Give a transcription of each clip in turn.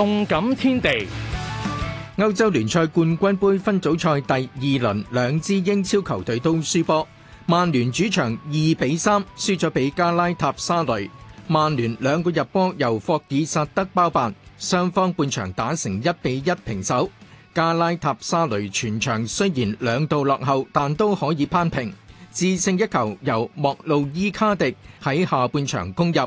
動感天地，歐洲聯賽冠軍盃分組賽第二輪，兩支英超球隊都輸波。曼聯主場二比三輸咗畀加拉塔沙雷。曼聯兩個入波由霍爾薩德包辦，雙方半場打成一比一平手。加拉塔沙雷全場雖然兩度落後，但都可以扳平，致勝一球由莫路伊卡迪喺下半場攻入。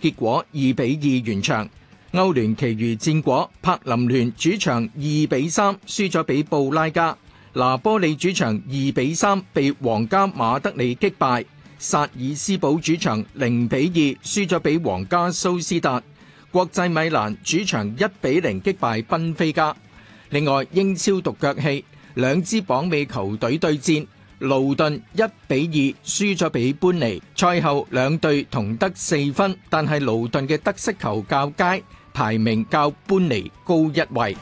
結果二比二完場。歐聯其餘戰果：柏林聯主場二比三輸咗俾布拉加，拿波利主場二比三被皇家馬德里擊敗，薩爾斯堡主場零比二輸咗俾皇家蘇斯達，國際米蘭主場一比零擊敗賓菲加。另外，英超獨腳戲，兩支榜尾球隊對戰。勞頓一比二輸咗俾班尼，賽後兩隊同得四分，但係盧頓嘅得失球較佳，排名較班尼高一位。